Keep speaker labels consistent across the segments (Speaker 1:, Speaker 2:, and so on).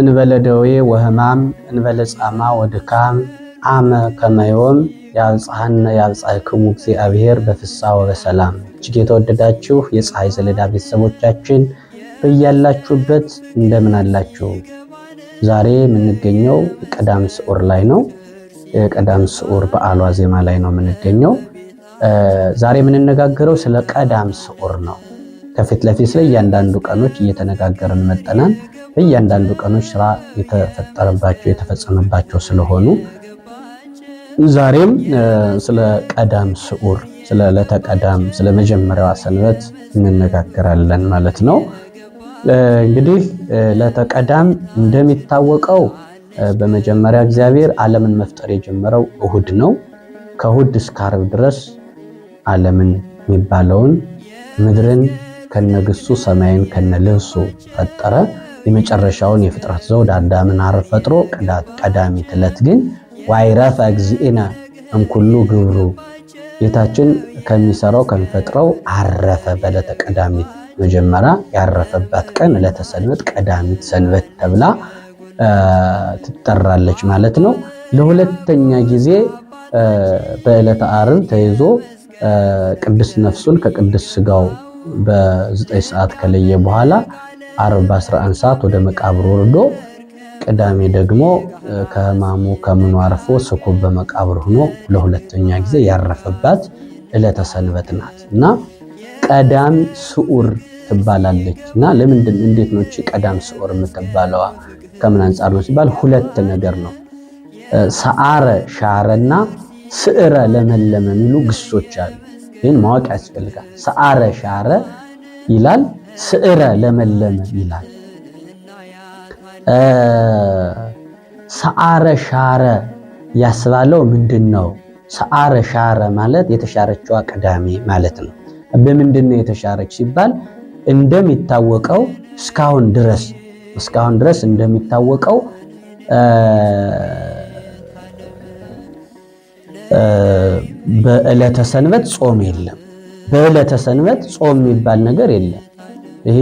Speaker 1: እንበለ ደዌ እንበለጻማ እንበለ ጻማ ወድካም አመ ከመዮም የአብጽሐነ የአብጽሕክሙ እግዚአብሔር በፍስሐ ወበሰላም። እጅግ የተወደዳችሁ የፀሐይ ሰሌዳ ቤተሰቦቻችን በያላችሁበት እንደምን አላችሁ? ዛሬ የምንገኘው ቀዳም ስዑር ላይ ነው። የቀዳም ስዑር በዓሏ ዜማ ላይ ነው የምንገኘው። ዛሬ የምንነጋገረው ስለ ቀዳም ስዑር ነው። ከፊት ለፊት ስለ እያንዳንዱ ቀኖች እየተነጋገርን መጠናን በእያንዳንዱ ቀኖች ስራ የተፈጠረባቸው የተፈጸመባቸው ስለሆኑ ዛሬም ስለ ቀዳም ስዑር ስለ ዕለተ ቀዳም ስለ መጀመሪያዋ ሰንበት እንነጋገራለን ማለት ነው። እንግዲህ ዕለተ ቀዳም እንደሚታወቀው በመጀመሪያ እግዚአብሔር ዓለምን መፍጠር የጀመረው እሁድ ነው። ከእሁድ እስከ ዓርብ ድረስ ዓለምን የሚባለውን ምድርን ከነግሱ ሰማይን ከነልብሱ ፈጠረ። የመጨረሻውን የፍጥረት ዘውድ አዳምን አርብ ፈጥሮ ቀዳሚት ዕለት ግን ወአይረፈ እግዚእነ እምኩሉ ግብሩ ጌታችን ከሚሰራው ከሚፈጥረው አረፈ በዕለተ ቀዳሚት። መጀመሪያ ያረፈባት ቀን ዕለተ ሰንበት ቀዳሚት ሰንበት ተብላ ትጠራለች ማለት ነው። ለሁለተኛ ጊዜ በዕለተ ዓርብ ተይዞ ቅዱስ ነፍሱን ከቅዱስ ስጋው በዘጠኝ ሰዓት ከለየ በኋላ ዓርብ በ11 ሰዓት ወደ መቃብር ወርዶ ቅዳሜ ደግሞ ከህማሙ ከምኑ አርፎ ስኩብ በመቃብር ሆኖ ለሁለተኛ ጊዜ ያረፈባት ዕለተ ሰንበት ናት እና ቀዳም ስዑር ትባላለች። እና ለምንድን እንዴት ነው እቺ ቀዳም ስዑር የምትባለዋ? ከምን አንጻር ነው ሲባል ሁለት ነገር ነው። ሰዓረ ሻረና ስዕረ ለመለመ የሚሉ ግሶች አሉ። ይህን ማወቅ ያስፈልጋል። ሰዓረ ሻረ ይላል፣ ስዕረ ለመለመ ይላል። ሰዓረ ሻረ ያስባለው ምንድን ነው? ሰዓረ ሻረ ማለት የተሻረችዋ ቅዳሜ ማለት ነው። በምንድን ነው የተሻረች ሲባል እንደሚታወቀው እስካሁን ድረስ እስካሁን ድረስ እንደሚታወቀው በዕለተ ሰንበት ጾም የለም። በዕለተ ሰንበት ጾም የሚባል ነገር የለም። ይሄ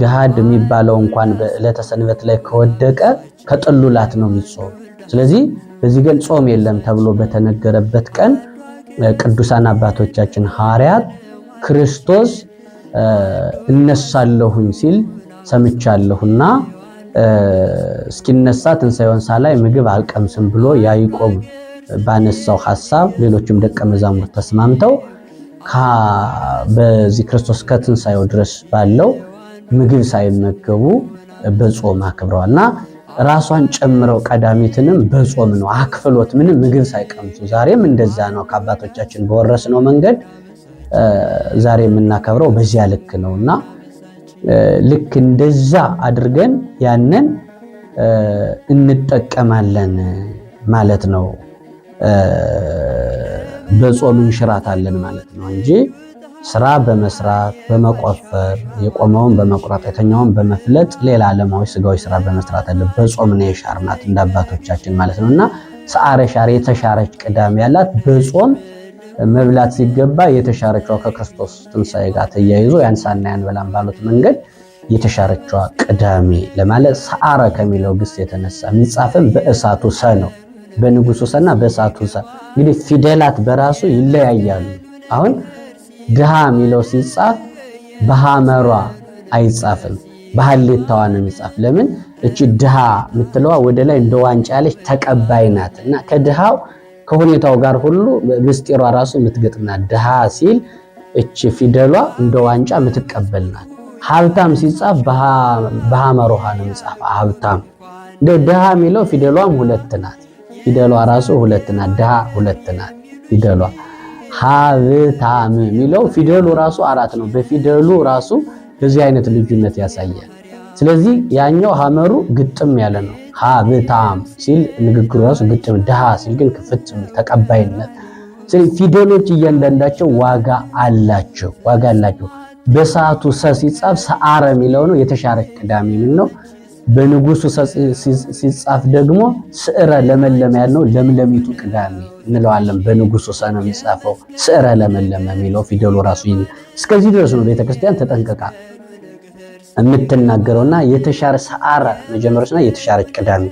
Speaker 1: ግሃድ የሚባለው እንኳን በዕለተ ሰንበት ላይ ከወደቀ ከጥሉላት ነው የሚጾም። ስለዚህ በዚህ ግን ጾም የለም ተብሎ በተነገረበት ቀን ቅዱሳን አባቶቻችን ሐዋርያት ክርስቶስ እነሳለሁኝ ሲል ሰምቻለሁና እስኪነሳ ትንሣኤውን ሳላይ ምግብ አልቀምስም ብሎ ያዕቆብ ባነሳው ሐሳብ ሌሎችም ደቀ መዛሙርት ተስማምተው በዚህ ክርስቶስ ከትንሣኤው ድረስ ባለው ምግብ ሳይመገቡ በጾም አክብረዋል እና ራሷን ጨምረው ቀዳሚትንም በጾም ነው አክፍሎት ምንም ምግብ ሳይቀምሱ። ዛሬም እንደዛ ነው። ከአባቶቻችን በወረስነው መንገድ ዛሬ የምናከብረው በዚያ ልክ ነው እና ልክ እንደዛ አድርገን ያንን እንጠቀማለን ማለት ነው። በጾም እንሽራታለን ማለት ነው እንጂ ስራ በመስራት በመቆፈር የቆመውን በመቁረጥ የተኛውን በመፍለጥ ሌላ ዓለማዊ ስጋዊ ስራ በመስራት አለ። በጾም ነው የሻርናት እንደ አባቶቻችን ማለት ነው። እና ሰዓረ ሻር የተሻረች ቅዳሜ ያላት በጾም መብላት ሲገባ የተሻረችዋ ከክርስቶስ ትንሣኤ ጋር ተያይዞ ያንሳና ያንበላን ባሉት መንገድ የተሻረችዋ ቅዳሜ ለማለት ሰዓረ ከሚለው ግስ የተነሳ የሚጻፍም በእሳቱ ሰ ነው። በንጉሱ ሰና በእሳቱ ሰ እንግዲህ ፊደላት በራሱ ይለያያሉ። አሁን ድሃ የሚለው ሲጻፍ በሐመሯ አይጻፍም፣ ባህሌታዋ ነው የሚጻፍ። ለምን እቺ ድሃ የምትለዋ ወደ ላይ እንደ ዋንጫ ያለች ተቀባይ ናት እና ከድሃው ከሁኔታው ጋር ሁሉ ምስጢሯ ራሱ የምትገጥምናት ድሃ ሲል እቺ ፊደሏ እንደ ዋንጫ ናት። ሀብታም ሲጻፍ በሐመር ነው የሚጻፍ ሀብታም። እንደ ድሃ የሚለው ፊደሏም ሁለት ናት። ፊደሏ ራሱ ሁለት ናት። ድሃ ሁለት ናት ፊደሏ ሀብታም የሚለው ፊደሉ ራሱ አራት ነው። በፊደሉ ራሱ በዚህ አይነት ልዩነት ያሳያል። ስለዚህ ያኛው ሀመሩ ግጥም ያለ ነው። ሀብታም ሲል ንግግሩ ራሱ ግጥም፣ ድሃ ሲል ግን ክፍት ተቀባይነት። ስለዚህ ፊደሎች እያንዳንዳቸው ዋጋ አላቸው፣ ዋጋ አላቸው። በሰዓቱ ሰ ሲጻፍ ሰዓረ የሚለው ነው። የተሻረ ቅዳሜ የሚል ነው። በንጉሱ ሲጻፍ ደግሞ ስዕረ ለመለመ ያልነው ለምለሚቱ ቅዳሜ እንለዋለን። በንጉሱ ሰ ነው የሚጻፈው። ስዕረ ለመለመ የሚለው ፊደሉ ራሱ እስከዚህ ድረስ ነው ቤተክርስቲያን ተጠንቀቃ የምትናገረውና የተሻረ ሰዓረ መጀመሪያዎችና የተሻረች ቅዳሜ።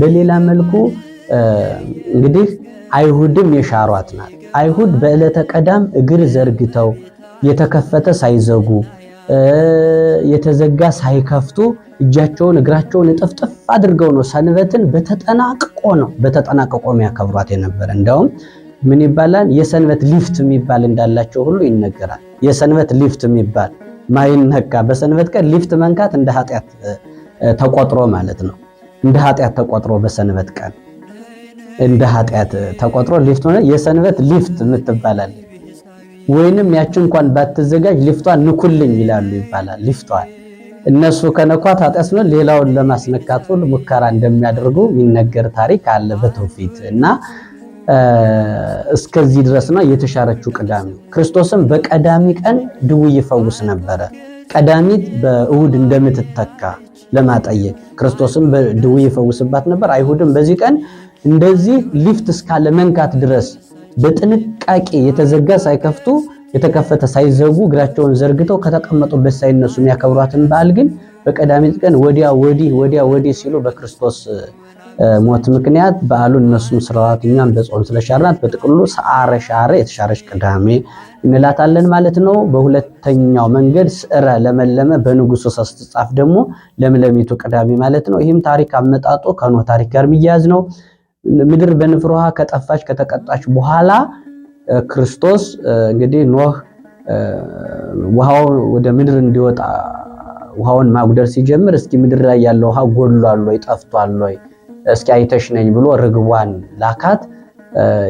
Speaker 1: በሌላ መልኩ እንግዲህ አይሁድም የሻሯት ናት። አይሁድ በዕለተ ቀዳም እግር ዘርግተው የተከፈተ ሳይዘጉ የተዘጋ ሳይከፍቱ እጃቸውን እግራቸውን እጥፍጥፍ አድርገው ነው ሰንበትን በተጠናቅቆ ነው በተጠናቅቆ የሚያከብሯት የነበረ። እንደውም ምን ይባላል የሰንበት ሊፍት የሚባል እንዳላቸው ሁሉ ይነገራል። የሰንበት ሊፍት የሚባል ማይነካ በሰንበት ቀን ሊፍት መንካት እንደ ኃጢአት ተቆጥሮ ማለት ነው። እንደ ኃጢአት ተቆጥሮ በሰንበት ቀን እንደ ኃጢአት ተቆጥሮ ሊፍት ሆነ የሰንበት ሊፍት የምትባላለች ወይንም ያቺ እንኳን ባትዘጋጅ ሊፍቷን ንኩልኝ ይላሉ ይባላል። ሊፍቷን እነሱ ከነኳት አጠስ ነው ሌላውን ለማስነካት ሁሉ ሙከራ እንደሚያደርጉ የሚነገር ታሪክ አለ በትውፊት እና እስከዚህ ድረስ ነው የተሻረችው ቅዳሚ ክርስቶስም በቀዳሚ ቀን ድው ይፈውስ ነበረ። ቀዳሚት በእሁድ እንደምትተካ ለማጠየቅ ክርስቶስም በድው ይፈውስባት ነበር። አይሁድም በዚህ ቀን እንደዚህ ሊፍት እስካለ መንካት ድረስ በጥንቃቄ የተዘጋ ሳይከፍቱ የተከፈተ ሳይዘጉ እግራቸውን ዘርግተው ከተቀመጡበት ሳይነሱ የሚያከብሯትን በዓል ግን በቀዳሚት ቀን ወዲያ ወዲህ ወዲያ ወዲህ ሲሉ በክርስቶስ ሞት ምክንያት በአሉ እነሱም ስራዋት እኛም በጾም ስለሻርናት በጥቅሉ ሰዓረ ሻረ የተሻረች ቅዳሜ እንላታለን ማለት ነው። በሁለተኛው መንገድ ስዕረ ለመለመ በንጉሱ ጻፍ ደግሞ ለምለሚቱ ቅዳሜ ማለት ነው። ይህም ታሪክ አመጣጦ ከኖህ ታሪክ ጋር የሚያያዝ ነው። ምድር በንፍር ውሃ ከጠፋች ከተቀጣች በኋላ ክርስቶስ እንግዲህ ኖህ ውሃው ወደ ምድር እንዲወጣ ውሃውን ማጉደል ሲጀምር እስኪ ምድር ላይ ያለ ውሃ ጎሏል ወይ ጠፍቷል ወይ እስኪ አይተሽ ነኝ ብሎ ርግቧን ላካት።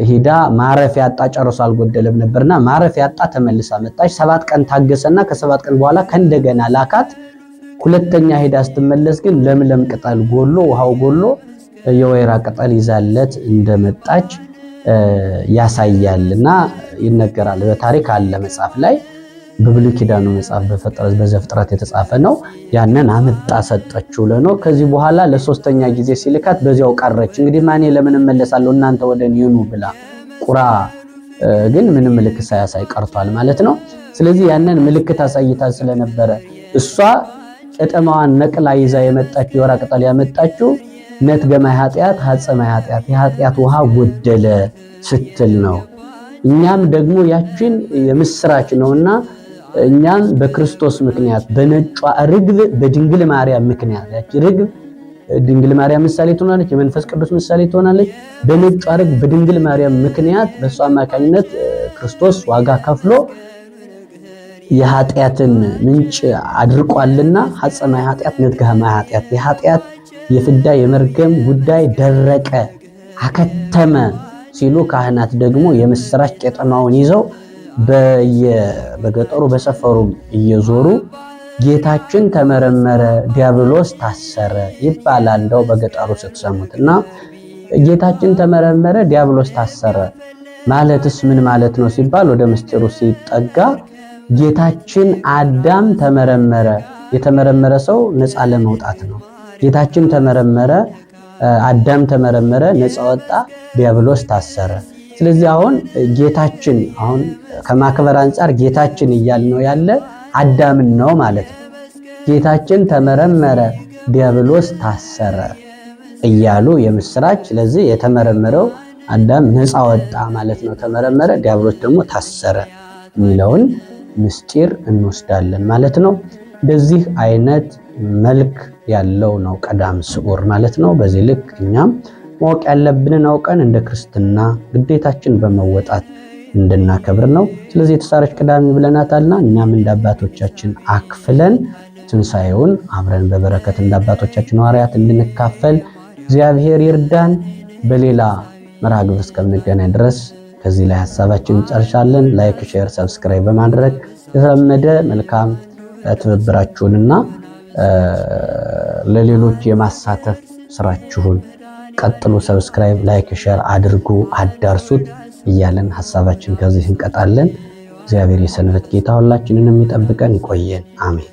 Speaker 1: ሂዳ ማረፍ ያጣ ጨርሶ አልጎደለም ነበርና ማረፍ ያጣ ተመልሳ መጣች። ሰባት ቀን ታገሰና ከሰባት ቀን በኋላ ከእንደገና ላካት። ሁለተኛ ሂዳ ስትመለስ ግን ለምለም ቅጠል ጎሎ ውሃው ጎሎ የወይራ ቅጠል ይዛለት እንደመጣች ያሳያል እና ይነገራል። በታሪክ አለ መጽሐፍ ላይ በብሉይ ኪዳኑ መጽሐፍ በፍጥረት በዘፍጥረት የተጻፈ ነው። ያንን አመጣ ሰጠችው ለኖ ከዚህ በኋላ ለሶስተኛ ጊዜ ሲልካት በዚያው ቀረች። እንግዲህ ማኔ ለምን እመለሳለሁ እናንተ ወደ እኔ ብላ ቁራ ግን ምንም ምልክት ሳያሳይ ቀርቷል ማለት ነው። ስለዚህ ያንን ምልክት አሳይታ ስለነበረ እሷ ቄጠማዋን ነቅላ ይዛ የመጣችው የወይራ ቅጠል ያመጣችው መትገመ ኃጢአት ሀፀመ ኃጢአት የኃጢአት ውሃ ጎደለ ስትል ነው። እኛም ደግሞ ያችን የምስራች ነውና እኛም በክርስቶስ ምክንያት በነጯ ርግብ በድንግል ማርያም ምክንያት ያቺ ርግብ ድንግል ማርያም ምሳሌ ትሆናለች፣ የመንፈስ ቅዱስ ምሳሌ ትሆናለች። በነጯ ርግብ በድንግል ማርያም ምክንያት በእሷ አማካኝነት ክርስቶስ ዋጋ ከፍሎ የኃጢአትን ምንጭ አድርቋልና ሀፀማይ ኃጢአት ነትገሃማይ ኃጢአት የኃጢአት የፍዳ የመርገም ጉዳይ ደረቀ፣ አከተመ ሲሉ ካህናት ደግሞ የምስራች ቄጠማውን ይዘው በገጠሩ በሰፈሩ እየዞሩ ጌታችን ተመረመረ፣ ዲያብሎስ ታሰረ ይባላል። እንደው በገጠሩ ስትሰሙት እና ጌታችን ተመረመረ፣ ዲያብሎስ ታሰረ ማለትስ ምን ማለት ነው ሲባል ወደ ምስጢሩ ሲጠጋ ጌታችን አዳም ተመረመረ። የተመረመረ ሰው ነፃ ለመውጣት ነው። ጌታችን ተመረመረ፣ አዳም ተመረመረ፣ ነፃ ወጣ፣ ዲያብሎስ ታሰረ። ስለዚህ አሁን ጌታችን አሁን ከማክበር አንጻር ጌታችን ነው ያለ አዳምን ነው ማለት ነው። ጌታችን ተመረመረ፣ ዲያብሎስ ታሰረ እያሉ የምስራች። ስለዚህ የተመረመረው አዳም ነፃ ወጣ ማለት ነው። ተመረመረ፣ ዲያብሎስ ደግሞ ታሰረ የሚለውን ምስጢር እንወስዳለን ማለት ነው። እንደዚህ አይነት መልክ ያለው ነው ቀዳም ስዑር ማለት ነው። በዚህ ልክ እኛም ማወቅ ያለብንን አውቀን እንደ ክርስትና ግዴታችን በመወጣት እንድናከብር ነው። ስለዚህ የተሳረች ቅዳሜ ብለናታልና እኛም እንደ አባቶቻችን አክፍለን ትንሣኤውን አብረን በበረከት እንደ አባቶቻችን ሐዋርያት እንድንካፈል እግዚአብሔር ይርዳን። በሌላ መርሃ ግብር እስከምንገናኝ ድረስ ከዚህ ላይ ሀሳባችን እንጨርሻለን። ላይክ፣ ሼር፣ ሰብስክራይብ በማድረግ የተለመደ መልካም ትብብራችሁንና ለሌሎች የማሳተፍ ስራችሁን ቀጥሉ። ሰብስክራይብ፣ ላይክ፣ ሸር አድርጉ፣ አዳርሱት እያለን ሀሳባችን ከዚህ እንቀጣለን። እግዚአብሔር የሰንበት ጌታ ሁላችንንም ይጠብቀን፣ ይቆየን። አሜን።